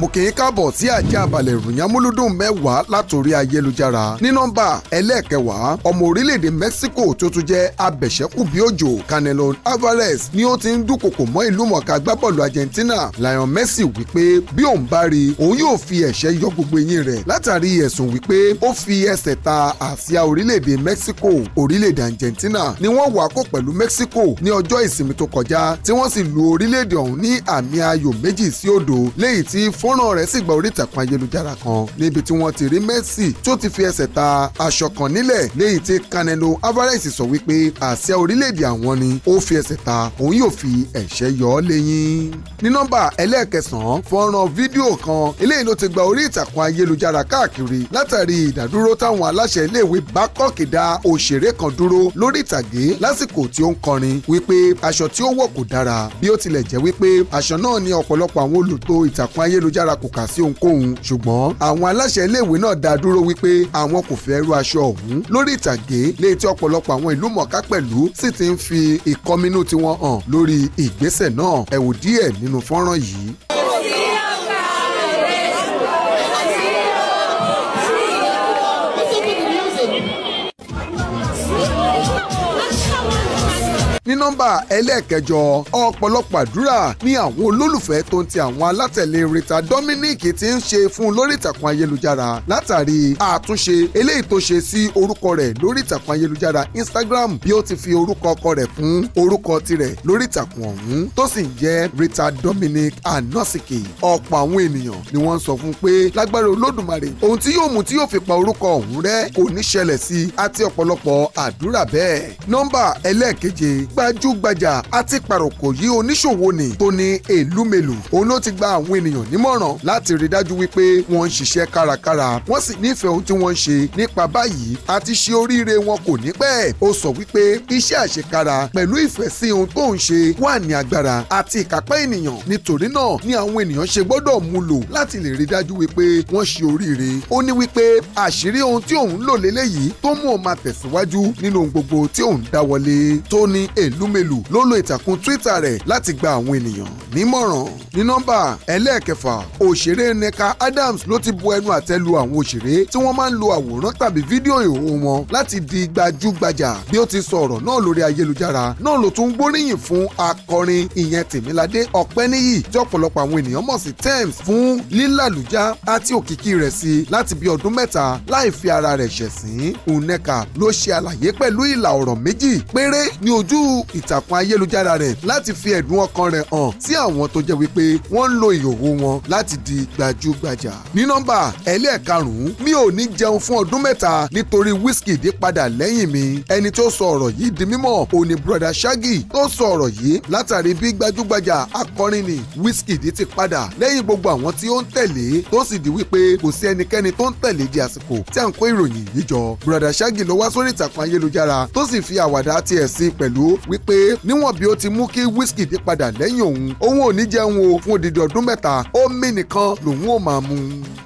mo kì í káàbọ̀ sí àjẹ́ àbàlẹ̀ ìròyìn amúlúdùn mẹ́wàá látòrí ayélujára ní nọ́mbà ẹlẹ́ẹ̀kẹwàá ọmọ orílẹ̀-èdè Mexico tó tún jẹ́ abẹ̀ṣẹ́kù bí òjò Canelo Alvarez ni ó ti ń dúnkòkò mọ́ ìlú mọ̀ọ́ká agbábọ́ọ̀lù Argentina Lionel Messi wípé bí òun bá rí òun yóò fi ẹ̀ṣẹ́ yọ gbogbo eyín rẹ̀ látàrí ẹ̀sùn wípé ó fi ẹsẹ̀ ta àsíá orílẹ̀-èdè Mexico orílẹ̀-èdè Argentina ni wọ́n wà kó Mexico ní ọjọ́ ìsinmi tó kọjá tí wọ́n sì lu orílẹ̀-èdè ọ̀hún ní àmì fọ́nrán rẹ̀ sì gba orí ìtàkùn ayélujára kan níbi tí wọ́n ti rí Messi tó ti fi ẹsẹ̀ ta aṣọ kan nílẹ̀ léyìí tí Canelo Alvarez sọ wípé àsíá orílẹ̀-èdè àwọn ni ó fi ẹsẹ̀ ta òun yóò fi ẹ̀ṣẹ́ yọ ọ́ lẹ́yìn. ní nọ́mbà ẹlẹ́ẹ̀kẹsàn-án fọ́nrán fídíò kan eléyìí ló ti gba orí ìtàkùn ayélujára káàkiri látàrí ìdádúró táwọn aláṣẹ iléèwé bá kọ́kìdá òṣèré kan dúró lórí ìtàgé lásìkò tí ó ń kọrin wípé aṣọ tí ó wọ̀ kò dára bí ó tilẹ̀ jẹ́ wípé aṣọ náà ní ọ̀pọ̀lọpọ̀ àwọn olùtò ìtàkùn ayélujára ayélujára kò kà sí ohunkóhun ṣùgbọ́n àwọn aláṣẹ iléèwé náà dá dúró wípé àwọn kò fẹ́ ru aṣọ ọ̀hún lórí ìtàgé léyìí tí ọ̀pọ̀lọpọ̀ àwọn ìlú mọ̀ọ́ká pẹ̀lú sì ti ń fi ìkọminú tiwọn hàn lórí ìgbésẹ̀ náà ẹ díẹ̀ nínú fọ́nrán yìí. ní nọ́mbà ẹlẹ́ẹ̀kẹjọ ọ̀pọ̀lọpọ̀ àdúrà ni àwọn olólùfẹ́ tó ń ti àwọn alátẹ̀lé Rita Dominic ti ń ṣe fún un lórí ìtàkùn ayélujára látàrí àtúnṣe eléyìí tó ṣe sí orúkọ rẹ̀ lórí ìtàkùn ayélujára Instagram bí ó ti fi orúkọ ọkọ rẹ̀ kún orúkọ tirẹ̀ lórí ìtàkùn ọ̀hún tó sì ń jẹ́ Rita Dominic Anosike ọ̀pọ̀ àwọn ènìyàn ni wọ́n ń sọ fún pé lágbára Olódùmarè ohun tí yóò mú tí yóò fi pa orúkọ ọ̀hún rẹ́ kò ní ṣẹlẹ̀ sí àti ọ̀pọ̀lọpọ̀ àdúrà bẹ́ẹ̀ nọ́mbà ẹlẹ́ẹ̀keje gbajúgbajà àti pàròkò yìí oníṣòwò ni Tony Elumelu òun ló ti gba àwọn ènìyàn nímọ̀ràn láti rí dájú wípé wọ́n ń ṣiṣẹ́ kárakára wọ́n sì nífẹ̀ẹ́ ohun tí wọ́n ń ṣe nípa báyìí àti ṣe oríire wọn kò ní pẹ́ ó sọ wípé iṣẹ́ àṣekára pẹ̀lú ìfẹ́ sí ohun tó ń ṣe wà ní agbára àti ìkápá ènìyàn nítorí náà ni àwọn ènìyàn ṣe gbọ́dọ̀ mú lò láti lè rí dájú wípé wọ́n ṣe oríire ó ní wípé àṣírí ohun tí òun lò léléyìí tó mú òun tẹ̀síwájú nínú gbogbo tí òun dáwọlé Tony El mèlúmèlú ló lo ìtàkùn Twitter rẹ̀ láti gba àwọn ènìyàn nímọ̀ràn ní nọ́mbà ẹlẹ́ẹ̀kẹfà òṣèré Nneka Adams ló ti bu ẹnu àtẹ́ lu àwọn òṣèré tí wọ́n máa ń lo àwòrán tàbí fídíò ìhòòhò wọn láti di gbajúgbajà bí ó ti sọ ọ̀rọ̀ náà lórí ayélujára náà ló tún gbóríyìn fún akọrin ìyẹn Tèmiládé Ọ̀pẹ́níyì tí ọ̀pọ̀lọpọ̀ àwọn ènìyàn mọ̀ sí Tems fún lílàlújá àti òkìkí rẹ̀ sí láti bí ọdún mẹ́ta láì fi ara rẹ̀ ṣẹ̀sín Nneka ló ṣe àlàyé pẹ̀lú ìlà ọ̀rọ̀ méjì péré ní ojú ìtàkùn ayélujára rẹ̀ láti fi ẹ̀dùn ọkàn rẹ̀ hàn sí àwọn tó jẹ́ wípé wọ́n ń lo ìhòòhò wọn láti di gbajúgbajà. ní nọ́mbà ẹlẹ́ẹ̀karùn-ún mi ò ní jẹun fún ọdún mẹ́ta nítorí Wizkid padà lẹ́yìn mi ẹni tó sọ ọ̀rọ̀ yìí di mímọ̀ òní broda Shaggy tó sọ ọ̀rọ̀ yìí látàrí bí gbajúgbajà akọrin ni Wizkid ti padà lẹ́yìn gbogbo àwọn tí ó ń tẹ̀lé tó sì di wípé kò sí ẹnikẹ́ni tó ń tẹ̀lé di àsìkò tí à ń kó ìròyìn yìí jọ broda Shaggy ló wá sórí ìtàkùn ayélujára tó sì fi àwàdà tiẹ̀ sí pẹ̀lú wípé níwọ̀n bí ó ti mú kí Wizkid padà lẹ́yìn òun òun ò ní jẹun o fún odidi ọdún mẹ́ta omi nìkan lòun ò máa mu.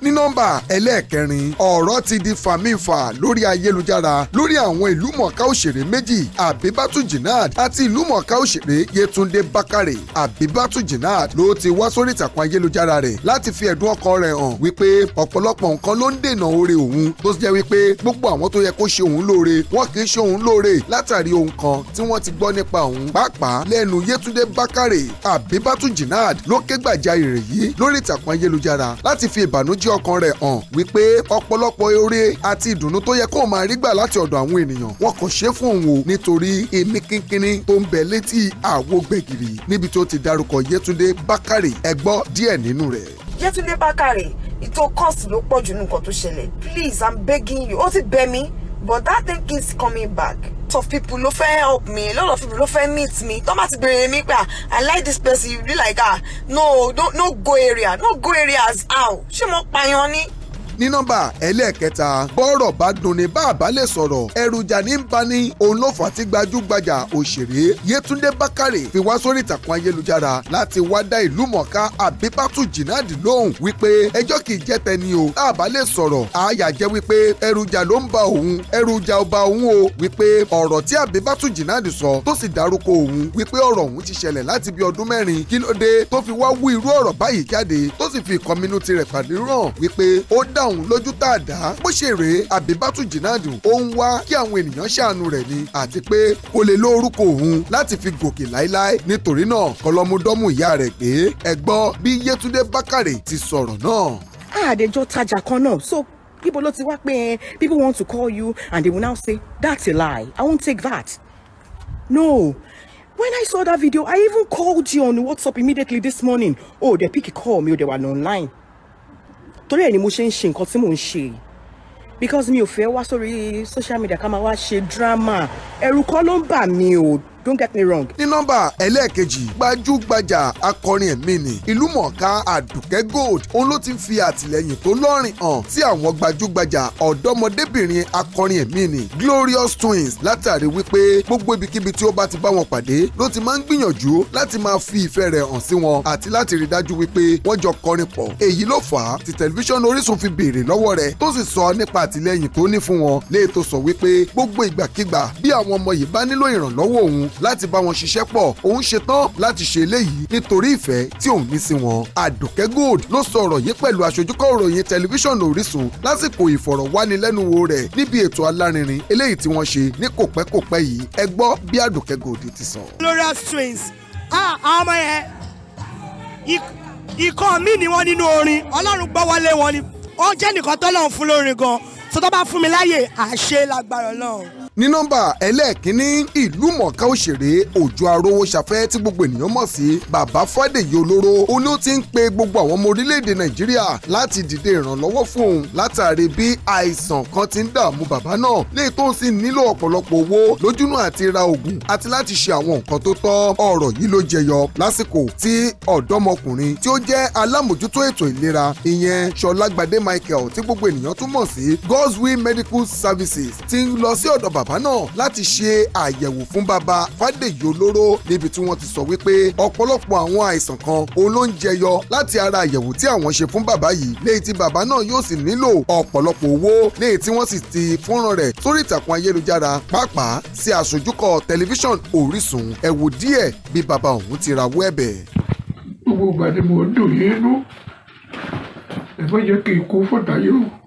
ní nọ́mbà ẹlẹ́ẹ̀kẹrin ọ̀rọ̀ ti di fàmìfà lórí ayélujára lórí àwọn ìlúmọ̀ọ́ká òṣèré méjì Àbíbátú Jinad àti ìlúmọ̀ọ́ká òṣèré Yétúndé Bákàrè Àbíbátú Jinad ló ti wá sórí ìtàkùn ayélujára rẹ̀ láti fi ẹ̀dùn ọkàn rẹ̀ hàn wípé ọ̀pọ̀lọpọ̀ nǹkan ló ń dènà oore òun tó jẹ́ wípé gbogbo àwọn tó yẹ kó ṣe òun lóore wọ́n kì í ṣe òun lóore látàrí ohun kan tí wọ́n ti gbọ́ nípa òun pàápàá lẹ́nu Yétúndé Bákàrè Àbíbátú Jinaad ló ké gbàjarè rẹ̀ yìí lórí ìtàkùn ayélujára láti fi ìbànújẹ́ ọkàn rẹ̀ hàn wípé ọ̀pọ̀lọpọ̀ oore àti ìdùnnú tó yẹ kóun máa rí gbà láti ọ̀dọ̀ àwọn ènìyàn wọn kò ṣe fún òun o nítorí èmi kínkínní tó ń bẹ létí àwo gbẹ̀gìrì níbi tó ti dárúkọ Yétúndé Bákàrè ẹ gbọ́ díẹ̀ nínú rẹ̀. Yétúndé Bákàrè ìtò cost ló pọ̀ jù nǹkan tó ṣẹlẹ̀ please i'm begging you ó ti bẹ̀ mí but that thing keeps coming back lot of people no fair help me a lot of people no fair meet me Don't bá ti bèrè mi pé ah, i like this person you be like ah no don't. no go area no go areas how she more pioneer ní nọ́mbà ẹlẹ́ẹ̀kẹta bọ́rọ̀ bá dunni bá àbá lè sọ̀rọ̀ èròjà ní bani òun ló fà á tí gbajúgbajà òṣèré Yétúndé Bákàrè fi wá sórí ìtàkùn ayélujára láti wá dá ìlú mọ̀ká Àbíbátù Jìnàdì lóhùn wípé ẹjọ́ kìí jẹ́ tẹni o tá a bá lè sọ̀rọ̀ àyà jẹ́ wípé èròjà ló ń ba òun èròjà ò ba òun o wípé ọ̀rọ̀ tí Àbíbátù Jìnàdì sọ tó sì dárúkọ òun wípé ọ̀rọ̀ òun ti ṣẹlẹ̀ láti bí ọdún mẹ́rin kí ló dé tó fi wá wú irú ọ̀rọ̀ ọ̀hún lójú tààdá bó ṣe rèé àbíbátú jìnnàdù ó ń wá kí àwọn ènìyàn ṣàánú rẹ̀ ni àti pé kò lè lo orúkọ òun láti fi gòkè láéláé nítorí náà kọlọmúdọ́mù ìyá rẹ̀ pé ẹ bí Yétúndé Bákàrè ti sọ̀rọ̀ náà. àdèjọ tajà kan náà so ibo ló ti wá pé people want to call you and they will now say that's a lie I won't take that no When I saw that video, I even called you on WhatsApp immediately this morning. Oh, they pick a call me, oh, they were online torí ẹ̀ ni mo ṣe ń ṣe nǹkan tí mò ń ṣe because mi ò fẹ́ wá sórí social media ká máa wá ṣe drama ẹ̀rù kan ló ń bà mí o don't get me wrong. ní nọ́mbà ẹlẹ́ẹ̀kejì gbajúgbajà akọrin ẹ̀mí ni ìlúmọ̀ọ́ká àdùkẹ́ gold òun ló ti ń fi àtìlẹ́yìn tó lọ́rìn hàn sí àwọn gbajúgbajà ọ̀dọ́mọdébìnrin akọrin ẹ̀mí ni glorious twins látàrí wípé gbogbo ibikíbi tí ó bá ti bá wọn pàdé ló ti máa ń gbìyànjú láti máa fi ìfẹ́ rẹ̀ hàn sí wọn àti láti rí dájú wípé wọ́n jọ kọrin pọ̀ èyí ló fà á tí tẹlifíṣàn Orísun fi béèrè lọ́wọ́ rẹ̀ tó sì sọ nípa àtìlẹ́yìn tó ní fún wọn léètò sọ wípé gbogbo ìgbàkigbà bí àwọn ọmọ yìí bá nílò ìrànlọ́wọ́ òun láti bá wọn ṣiṣẹ́ pọ̀ òun ṣetán láti ṣe eléyìí nítorí ìfẹ́ tí òun ní sí wọn. Àdùkẹ́ Gold ló sọ ọ̀rọ̀ yìí pẹ̀lú aṣojúkọ̀ òròyìn tẹlifíṣàn Orísun lásìkò ìfọ̀rọ̀wánilẹ́nuwò rẹ̀ níbi ètò alárinrin eléyìí tí wọ́n ṣe ní kòpẹ́kòpẹ́ yìí ẹ gbọ́ bí Àdùkẹ́ Gold ti sọ. Glorious twins ah, àwọn ọmọ yẹn ikọ̀ mi ni wọ́n nínú orin Ọlọ́run gbọ́ wọlé wọn ni ó jẹ́ nìkan tọ́lọ́run fún lórin gan-an tó tọ́ bá fún mi láyè àṣẹ lágbára Ọlọ́run ní nọ́mbà ẹlẹ́ẹ̀kínní ìlú mọ̀ọ́ká òṣèré òjò arówó ṣàfẹ́ tí gbogbo ènìyàn mọ̀ sí bàbá fàdèyí olóró ó ní ó ti ń pe gbogbo àwọn ọmọ orílẹ̀-èdè nàìjíríà láti dìde ìrànlọ́wọ́ fún un látàrí bí àìsàn kan ti ń dààmú bàbá náà léè tó ń sì nílò ọ̀pọ̀lọpọ̀ owó lójúnú àti ra oògùn àti láti ṣe àwọn nǹkan tó tọ́ ọ̀rọ̀ yìí ló jẹyọ lásìkò tí ọ̀dọ́mọkùnrin tí ó jẹ́ alámòjútó ètò ìlera ìyẹn ṣọlágbadé michael tí gbogbo ènìyàn tún sí godswill medical services ti ń lọ sí ọ̀dọ̀ bàbá bàbá náà láti ṣe àyẹ̀wò fún bàbá Fádèyí Olóró níbi tí wọ́n ti sọ wípé ọ̀pọ̀lọpọ̀ àwọn àìsàn kan òun ló ń jẹyọ láti ara àyẹ̀wò tí àwọn ṣe fún bàbá yìí léyìí tí bàbá náà yóò sì nílò ọ̀pọ̀lọpọ̀ owó léyìí tí wọ́n sì ti fọ́nrán rẹ̀ sórí ìtàkùn ayélujára pàápàá sí àṣojúkọ tẹlifíṣàn Orísun ẹ wò díẹ̀ bí bàbá òun ti rawọ́ ẹ̀bẹ̀. gbogbo ìgbà ni mo dùn yín inú ẹ̀fọ́ yẹ kí n kú fọ́tà o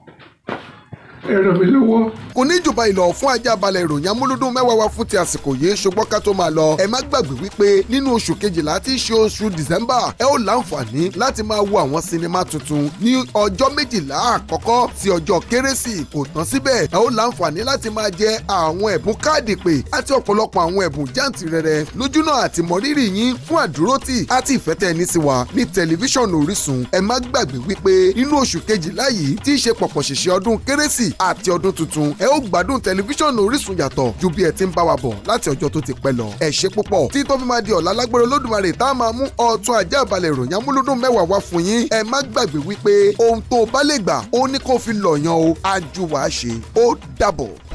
ẹ ràn mí lọ́wọ́. kò ní jùbà ìlọ fún Ajaabale ìròyìn amúlúdùn mẹ́wàá wa fún ti àsìkò yìí ṣùgbọ́n ká tó máa lọ ẹ má gbàgbé wípé nínú oṣù kejìlá tí í ṣe oṣù December ẹ ó láǹfààní láti máa wo àwọn sinimá tuntun ní ọjọ́ méjìlá àkọ́kọ́ sí ọjọ́ kérésì kò tán síbẹ̀ ẹ ó láǹfààní láti máa jẹ àwọn ẹ̀bùn káàdì pè àti ọ̀pọ̀lọpọ̀ àwọn ẹ̀bùn jàǹtìrẹrẹ lójúnà àti mọ̀rírì yín fún àdúrótì àti ìfẹ́tẹ̀ ẹni sí wa ní tẹlifíṣàn Orísun ẹ má gbàgbé wípé nínú oṣù kejìlá yìí tí í ṣe pọ̀pọ̀ ọdún kérésì àti ọdún tuntun ẹ ó gbádùn tẹlifíṣàn Orísun yàtọ̀ ju bí ẹ ti ń bá wa bọ̀ láti ọjọ́ tó ti pẹ́ lọ ẹ ṣe púpọ̀ tí tó fi máa di ọ̀la lágbára Olódùmarè tá a máa mú ọ̀tun ajá balẹ̀ ìròyìn amúlùdùn mẹ́wàá wá fún yín ẹ má gbàgbé wípé ohun tó o bá lè gbà ó ní kó fi lọ̀yàn o àjùwà ṣe ó dàbọ̀.